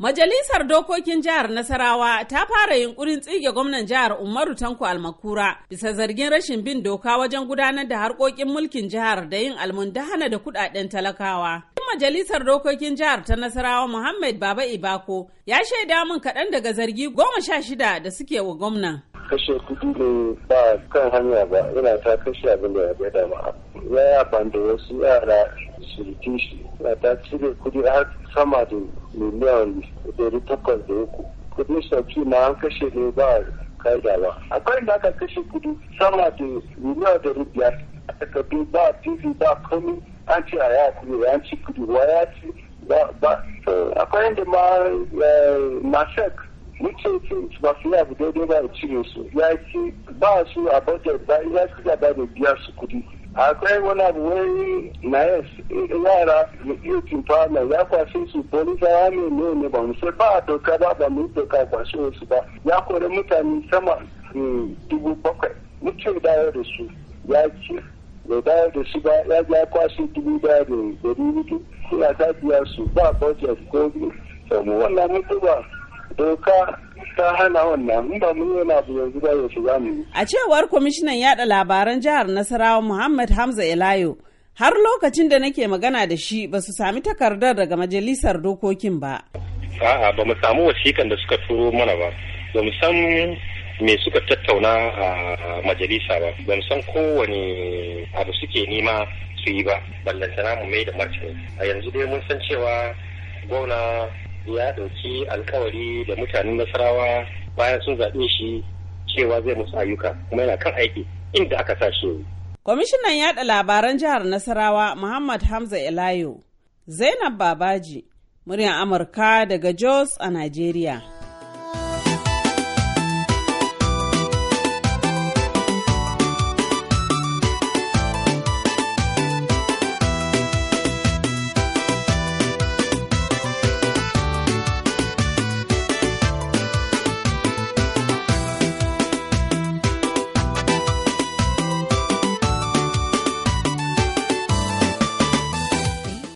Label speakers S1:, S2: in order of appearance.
S1: Majalisar Dokokin Jihar Nasarawa ta fara yunkurin tsige gwamnan jihar Umaru Tanko Almakura bisa zargin rashin bin doka wajen gudanar da harkokin mulkin jihar da yin almundahana da kudaden talakawa. Majalisar Dokokin Jihar ta Nasarawa Muhammad Baba Ibako ya shaida min kaɗan daga zargi goma sha shida da suke wa gwamnan. kashe
S2: kuɗi ne ba kan hanya ba yana ta kashe abin da ya dama ya yi amfani da wasu yara shirikin shi na ta cire kuɗi har sama da miliyan ɗari takwas da uku kuɗin sauki ma an kashe ne ba kaida ba akwai da aka kashe kuɗi sama da miliyan ɗari biyar a takardu ba tv ba komi an ci a ya kuɗi an ci kuɗi wa ya ci ba akwai da ma eh, masek muke ce ba su yi daidai ba a cire su ya ce ba su a budget ba ya ci gaba da biya su kudi akwai wani abu wai na yes yara mu iya cuta na ya kwashe su polisawa ne ne ne ba mu ba doka ba ba mu doka kwashe su ba ya kore mutane sama hmm, dubu bakwai muke dawo da su ya ci da dawo da su ba ya ja kwashe dubu daya da dari hudu suna ta biya su ba budget ko biyu samu wannan mutuwa doka ta hana wannan in ba mun yana da yanzu da yaushe
S1: za mu a cewar kwamishinan yada labaran jihar nasarawa muhammad hamza elayo har lokacin da nake magana da shi ba su sami takardar daga majalisar dokokin ba
S3: a'a ba mu samu wasikan da suka turo mana ba ba mu san me suka tattauna a majalisa ba ba mu san kowane abu suke nema su yi ba ballantana mu mai da martini a yanzu dai mun san cewa gwamna ya ɗauki alkawari da mutanen nasarawa bayan sun zaɓe shi cewa zai musu ayyuka kuma yana kan aiki inda aka sa shi
S1: kwamishinan yaɗa labaran jihar nasarawa muhammad hamza elayo zainab babaji muryar amurka daga jos a najeriya